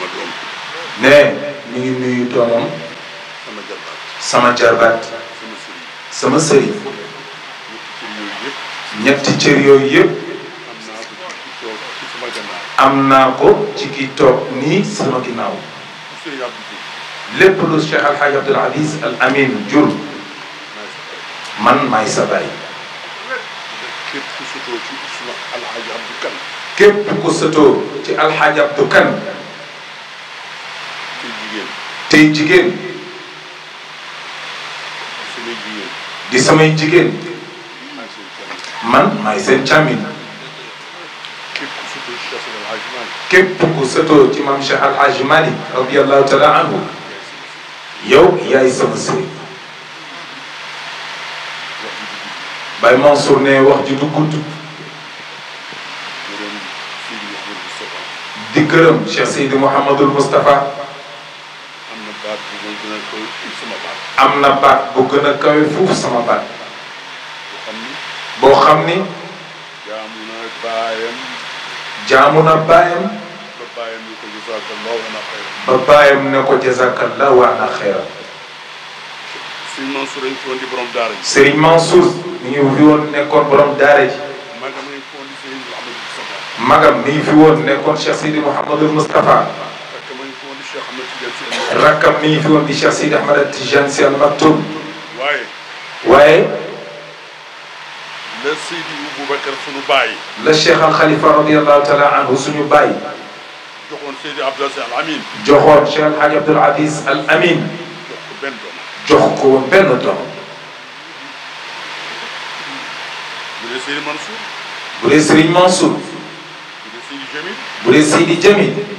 sama doom. nee ngi nuyu doomam. sama jarbaat sama jarbaat. sama sëriñ. ñetti cër yooyu yëpp. am naa ko ci ki toog nii sama ginnaaw. lépp lu Cheikh Alhaji Abdoul Aziz Al Amin jur. man maay sa képp ku sëtoo ci Alhaji Abdou Kane. tey jigéen di samay jigéen man maay seen càmmin képp ku sëtoo ci maam Cheikh Alhaji Malick radiyallahu taala anhu yow yaay sama sëriñ Baye Mansour ne wax ji du gudd di gërëm Cheikh Seydi Mouhamadul Moustapha amna na baat bu gëna kawe fuuf sama baat bo xamni jamuna bayam jamuna bayam ba baayam ne ko jazakallahu wa ana xayra Serigne Mansour dañ fi woon di borom fi woon nekkoon borom daara ji magam ni ngi fi woon nekkoon Cheikh Sidi Mouhamadou Mustafa rakkam mi fi woon di Cheikh Sidi Ahmed Tijane Sy Al Maktoum waaye waaye la Seydi Boubacar suñu bàyyi la Cheikh Al Khalifa radiallahu taala anhu suñu bàyyi joxoon Seydi Abdou Aziz Al Amin joxoon Cheikh Al Hadj Abdoul Aziz Al Amin jox ko woon benn doom bu dee Serigne Mansour bu dee Serigne Mansour bu dee Seydi Jamil bu dee Seydi Jamil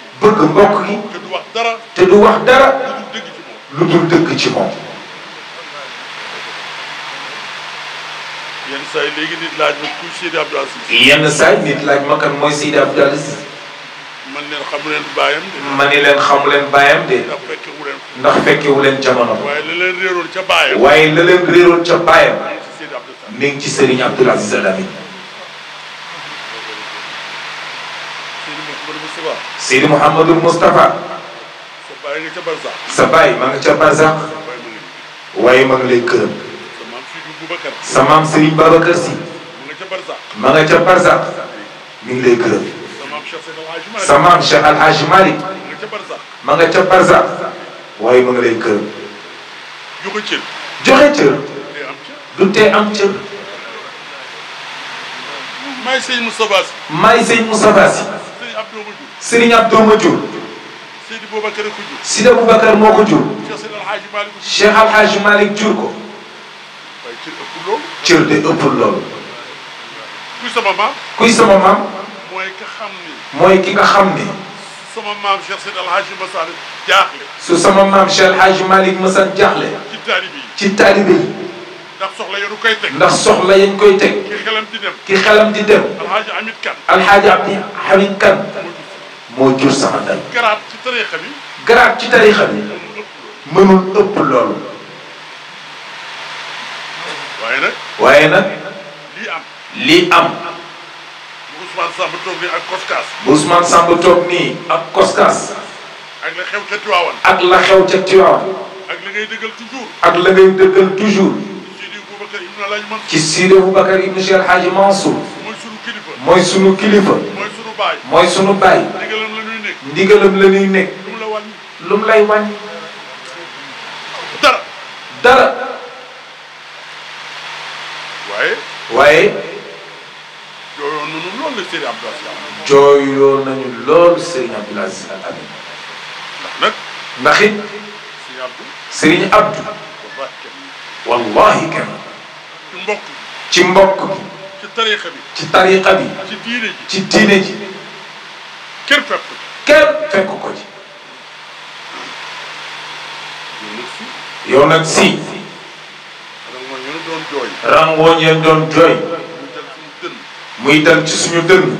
bëgg mbokk yi te du wax dara lu dul dëgg ci moom. yenn saa léegi nit laaj ma kuy Seydi Abdou Aziz. yenn saa yi nit laaj kan mooy Seydi Abdou Aziz. man leen xamu leen baayam de. ma ni leen xamu leen baayam de. ndax fekkewu leen. ndax fekkewu leen jamono ba. waaye la leen réeroon ca waaye la leen réeroon ca baayam. mi ngi ci Serigne Abdou Aziz Al Seydi Mouhamadul Moustapha. sa baay nga ca Barzak. sa baay ma nga ca Barzak. waaye ma nga lay gërëm. sa maam Serigne Babacar Sy. ma nga ca Barzak. mi ngi lay gërëm. sa maam Cheikh Al Hadj Malick. ma nga ca Barzak. waaye ma nga lay gërëm. joxe cër. joxe cër. du tee am cër. maay sëñ سيدنا عبدو مجو سيدنا ابو بكر مو كجو شيخ الحاج مالك جوركو تير دي اوبول لول كوي سما مام كوي سما مام موي كا خامني موي كيغا خامني سما مام شيخ سيد الحاج مسار جاخلي سو سما مام شيخ الحاج مالك مسار جاخلي تي تاريبي تي تاريبي ndax soxla yeen koy tek ki xelam di dem alhaji amit kan alxaaji abdi xamit kan mo jur sama dal garaat ci tariikha bi garaat ci tarixa bi mënul ëpp loolu waaye nag waaye nag lii am lii am Ousmane Samba tok ni ak Koskas Ousmane Samb toog nii ak koskaas ak la xew ci Tiwaawan ak la xew ci Tiwaawan ak la ngay deugal toujours ak la ngay deugal toujours ci Sidi Boubacar ci Cheikh Alxaaji Mansour mooy sunu kilifa mooy sunu baay ndigalam la ñuy nekk lu mu lay wàññi dara dara waaye waaye jooyoon nañu wallahi kenn mbokk ci mbokk ci tariqa bi ci tariqa bi ci diine ji ci diine ji kër fekk kër fekk ko ci yow nag si rangooñ yéen doon jooy rangooñ yéen doon jooy muy dal ci suñu dënn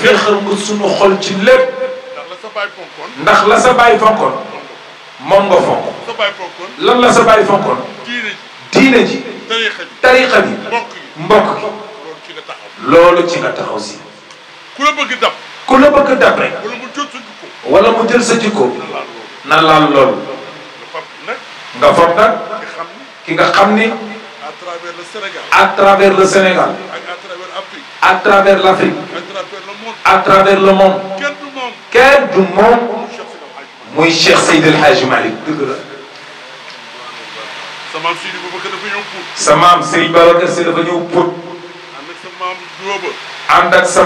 féexal nga suñu xol ci lépp ndax la sa bàyyi fonkoon moom nga fonk lan la sa bàyyi fonkoon diine ji tariqa bi mbokk yi loolu ci nga taxaw si ku la bëgg dab ku la bëgg dab rek wala mu jël sa jikko na laal loolu nga foog nag ki nga xam ni à travers le Sénégal à travers l'Afrique à travers le monde kenn du moom muy Cheikh Seydil Hadji Malick dëgg la sa maam Sidi Babacar dafa ñëw Pout. sa maam Serigne Babacar Sy dafa ñëw Pout. ànd wax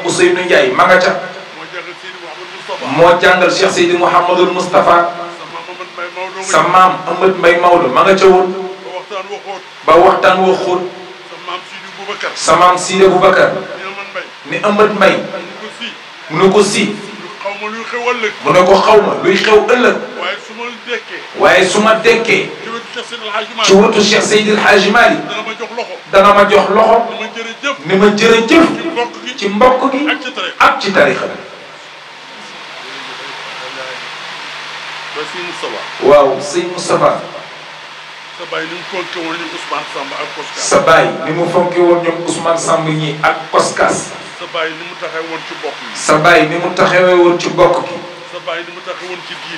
Ousseynou Ndiaye nga ca. sa maam moo jàngal Seydi Mouhamadou Moustapha. moo jàngal Cheikh Seydi Mouhamadou Moustapha. sa Maodo ma nga ca woon. ba waxtaan woo xóot. ba waxtaan woo ni Amad Mbaye. mu ne xaw ma luy xew ëllëg mu ne ko xaw ma luy xew ëllëg waaye su ma dëkkee waaye su ma dëkkee ci wetu Cheikh Seydil Hadji Malick dana ma jox loxo dana ma jox loxo ni ma jërëjëf ci mbokk gi ak ci tarixa bi waaw sëñ Moustapha sa baay ni mu fonke woon ñoom Ousmane Samb ak Koskas sa baay ni mu fonke woon ñoom Ousmane Samb ñi ak Koskas sa bàyyi ni mu taxee woon ci bokk bi. sa bàyyi ni mu taxewee woon ci bokk bi.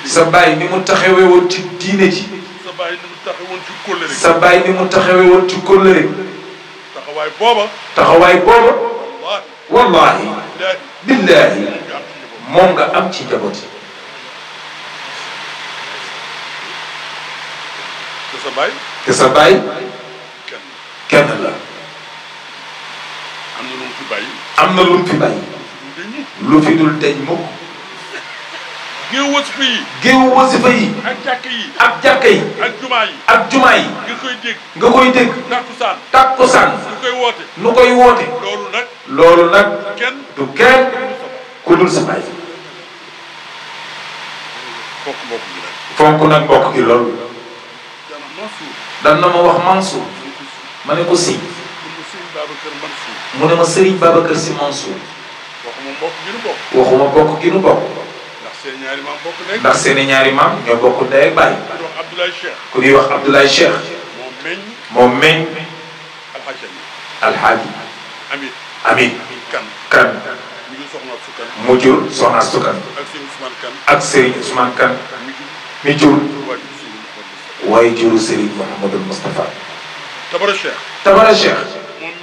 sa bàyyi ni mu taxee woon ci diine. sa bàyyi ni mu taxewee woon ci diine ji. sa ni mu taxee woon ci kóllëre. sa bàyyi ni mu taxewee woon ci kóllëre. taxawaay booba. taxawaay booba. moom nga am ci njaboot yi. te sa bàyyi. am na lu mu fi bàyyi. am na lu mu fi dul deñ mukk. géew wasifa yi. géew wasifa yi. ak jàkka yi. ak jàkka yi. jumaa yi. ak jumaa yi. nga koy dégg. nga koy dégg. nu koy woote. koy woote. loolu nag. loolu nag. kenn du kenn ku dul sa baay. fonk nag. mbokk gi loolu. dana ma wax Mansour. ma ne ko si. Babacar Mansour. mu ne ma Serigne Babacar Sy Mansour. waxuma mbokk gi nu bokk. waxuma bokk gi nu bokk. ndax seen ñaari maam bokk nañ. ndax seen ñaari maam ñoo bokk ndey ak baay. ku ñuy wax Abdoulaye Cheikh. ku ñuy wax Abdoulaye Cheikh. moom meññ. moom meññ. alxaaji. alxaaji. amin amin kan kan. mu jur soxna Sukan. ak Serigne Ousmane Kan. mi jur. waaye juru Serigne Mouhamadou Moustapha. tabara Cheikh. tabara Cheikh.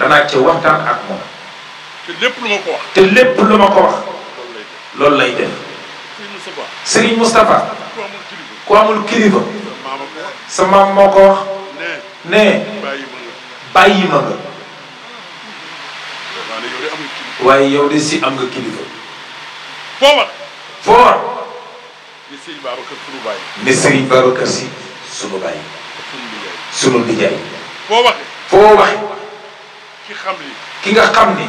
danaa ca waxtaan ak moom. te lépp lu ma ko wax. te lépp lu ko loolu lay def. Serigne Moustapha. ku amul kilifa. sa maam moo ko wax. ne bàyyi ma nga. waaye yow de si am nga kilifa. foo foor ni Serigne Babacar sunu si sunu baay. sunu liggéey. foo waxe. ki xam ni. ki nga xam ni.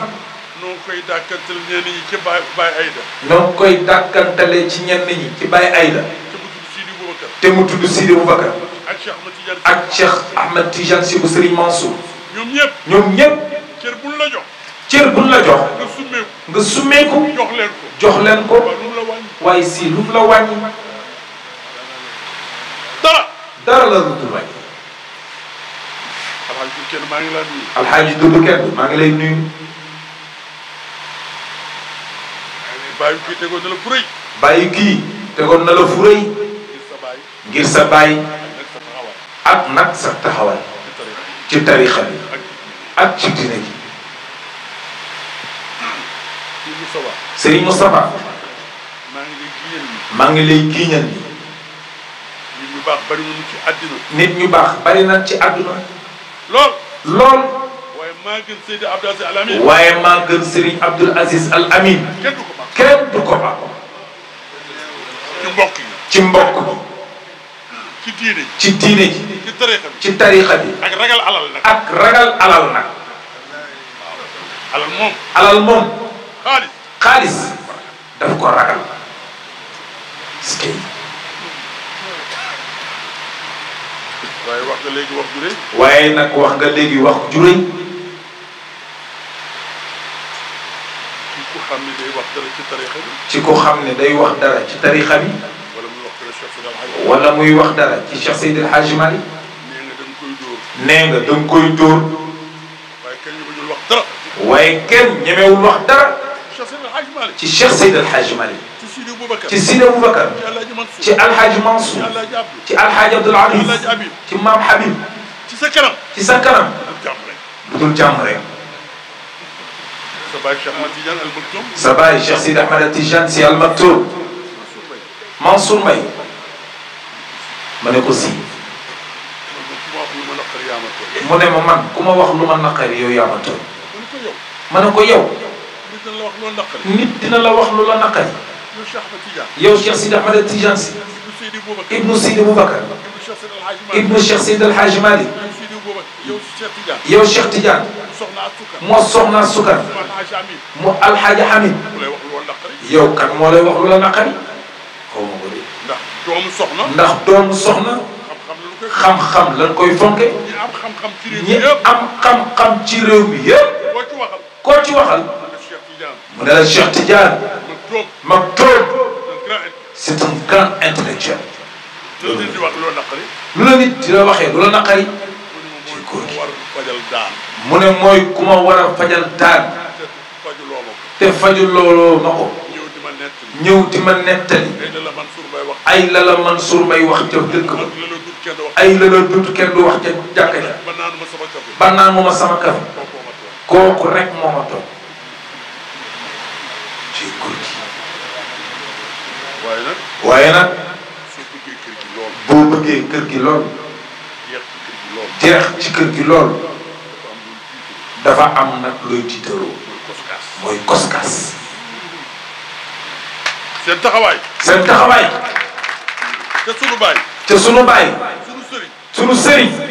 noo koy dàkkantale ñenn ñi ci Baye Baye Aïda. noo ci ñenn ñi ci Baye Aïda. te mu tudd Sidi Boubacar. ak Cheikh Ahmed Tidiane si bu Serigne Mansour. ñoom ñëpp ñoom ñëpp. cër la jox. cër buñ la jox. nga summeeku nga leen ko jox leen ko. waaye si lu la wàññi. dara. dara la lu dul alxaaji Dudu Kenn maa ngi lay nuyu. bàyyi kii tegoon na la fu rëy. bàyyi ngir sa baay. ak nag sa taxawaay. ci tarixa bi. ak ci diine gi. Serigne Moustapha. maa ngi lay giiñal ni. nit nit ñu baax bari nañ ci àdduna. lool lool waaye maa gën Seydi Abdou Aziz Al Amin waaye maa gën Serigne Abdoul Aziz Al Amin kenn du ko ba kenn du ko ba ci mbokk yi ci mbokk ci diine ci diine ji ci tariixa bi ci tariixa bi ak ragal alal nag ak ragal alal nag alal moom alal moom xaalis xaalis daf ko ragal skey waaye wax nga léegi wax ju rëy. waaye nag wax nga léegi wax ju rëy. ci ku xam ne day wax dara ci tariixa bi. ci ku xam ne day wax dara ci tariixa bi. wala muy wax dara ci Cheikh Seydi El Hadji Malick. nee nga danga koy dóor. nee nga danga koy dóor. waaye kenn ñemewul wax dara. waaye kenn ñemewul wax dara. ci Cheikh Seydi El Hadji Malick. سيدي ابو بكر سيدي الحاج منصور سي الحاج عبد العزيز سي مام حبيب سي سكرم سي سكرم عبد الجامري صباي الشيخ سيد احمد التيجان سي المكتوب منصور مي مانيكو سي مونے ما مان كوما واخ لوما نخر يو يامتو مانيكو يو نيت دينا لا واخ لولا نخر يوم شيخ سيدنا محمد التيجانسي ابن سيدي ابو بكر ابن الشيخ سيد الحاج مالي يا شيخ تيجان مو سوخنا السكر الحاج حميد يو كان مو لاي واخ لولا نقري خو مو بري دوم خم خم لا نكوي فونكي ني ام خم خم تي ريو مي ييب كو تي واخال تيجان Maktoum c'est un grand intellectuel. lu la nit ci la waxee lu la naqari. ci góor gi mu ne mooy ku ma war a fajal daan. te fajul looloo ma ko. ñëw di ma nettali. ay la la Mansour wax ca dëkk ba. ay la la dund kenn du wax ca jàkka ja. ba naan mooma sama kafe. kooku rek moo ma toog. waaye na waaye nag. boo bëggee kër gi lool. jeex ci kër gi lool. dafa am nag looy tiitaroo. mooy koskas. seen taxawaay. seen ca sunu baay. ca sunu baay. sunu sunu sëriñ.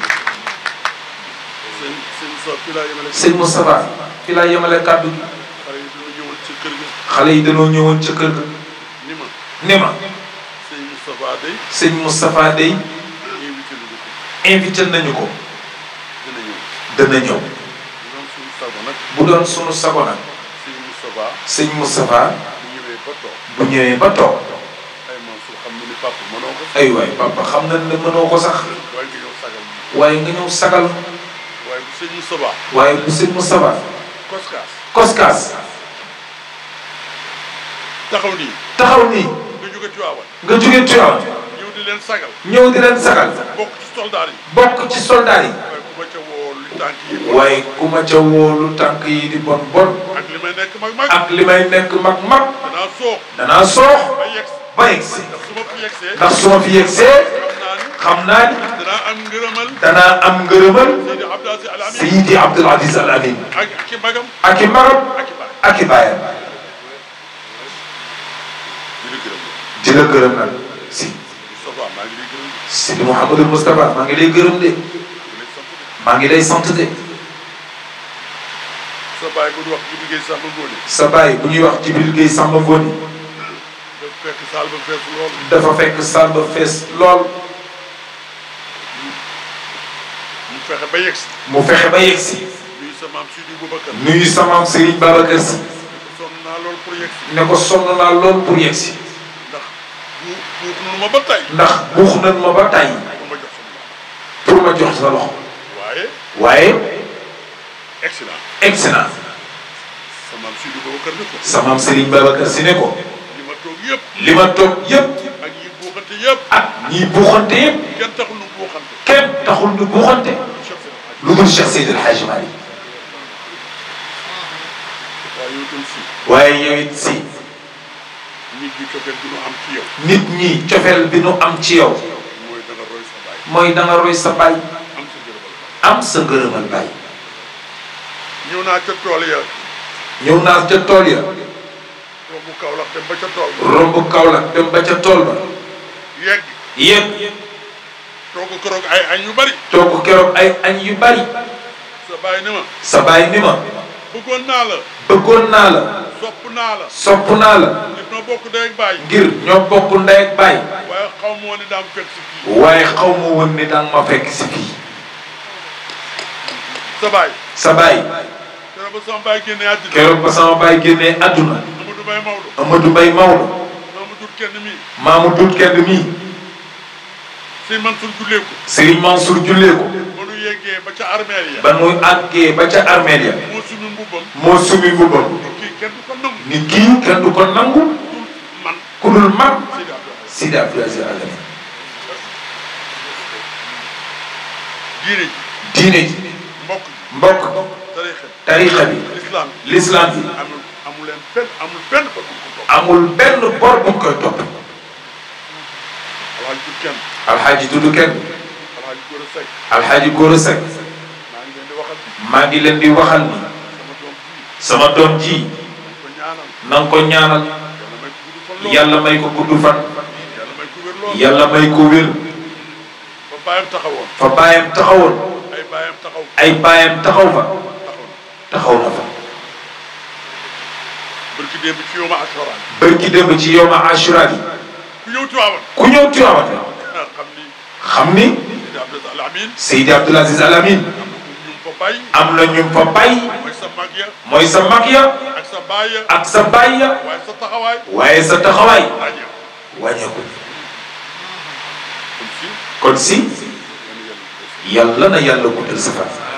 sëñ Moustapha fi laa yemale kàddu gi xale yi dañoo ñëwoon ca kër ga ni ma sëñ Moustapha day invité nañu ko dana ñëw bu doon sunu sago nag sëñ Moustapha bu ñëwee ba toog ay waay papa xam na ne mënoo ko sax waaye nga ñëw sagal waaye bu sëñ Moustapha. waaye bu sëñ Moustapha. koskaas koskaas. taxaw taxaw nii. nga jóge Tiwaawan. nga jóge Tiwaawan. ñëw di leen sagal. ñëw leen sagal. bokk ci soldaar yi. bokk ci yi. waaye ku ma ca wóolu di bon bon. ak li may nekk mag mag. ak li may nekk mag mag. ma fi yegsee. ndax su ma xam naa danaa am ngërëmal. danaa am ngërëmal. Seydi Abdoul Aziz Al Amin. ak i magam. ak i magam ak i baayam. di la gërëm nag si. Seydi Mouhamadou Moustapha maa ngi lay gërëm de. maa ngi lay sant de. sa baay bu ñuy wax Jibril Gueye Samba Ngoni. sa baay bu ñuy wax Jibril Gueye Samba Ngoni. dafa fekk saal ba fees lool. dafa fekk saal ba fees lool. mu fexe ba yegg si. mu fexe ba yegg si. nuyu sa maam Seydi Boubacar. nuyu sa maam Seydi Babacar si. ne ko sonn lool pour yegg si. ndax buux na ma ba tey. ndax buux ma ba tey. pour ma jox sa loxo. waaye. waaye. excellent. excellent. sa maam ne ko. sa maam Seydi Babacar li ma toog yëpp. ak ñi buuxante yëpp. كيف تخل بوخنت لمن شيخ سيد الحاج مالي وهي يتسي نيت ني تفل بنو ام تيو موي دا روي سا باي ام سنغرمال باي نيونا تتوليا نيونا تتوليا رومبو كاولا دم با تول رومبو كاولا دم با تول با يك يك togg keroog ay yu bari. togg keroog ay añ yu bari. sa ni ma. sa ni ma. bëggoon naa la. bëggoon naa la. sopp naa la. sopp naa la. ngir ñoo bokk ndey ak baay. ngir ñoo bokk ndey ak waaye xaw ma woon ni daan ma fekk si fii. sa baay. keroog ba sama baay génnee àdduna. keroog ba baay génnee àdduna. Amadou Mbaye dut kenn mii. Serigne Mansour jullee ko. Serigne ba nu yeggee ba ca armeel ya. ba nu àggee ba ya. moo sumi mbubbam. moo sumi mbubbam. ni kii kenn du ko nangu. ni kii kenn du ko diine ji. diine ji. mbokk bi. amul benn amul bu koy alxaaji dudu kenn alxaaji góor a sekk maa ngi leen di waxal sama doom ji na nga ko ñaanal yàlla may ko gudd fan yàlla may ko wér fa baayam taxawoon ay baayam taxaw fa taxaw na fa ci yooma ashura ku ñëw Tiwaawan. ku ñëw Tiwaawan. Ah, xam ni. xam ni. Seydi Abdoul Aziz Al Amin. am na ñu fa bay. mooy sa mag ya. ak sa baay ya. ak sa baay ya. waaye sa taxawaay. wàññeeku. kon si. yàlla na yàlla guddal sa fan.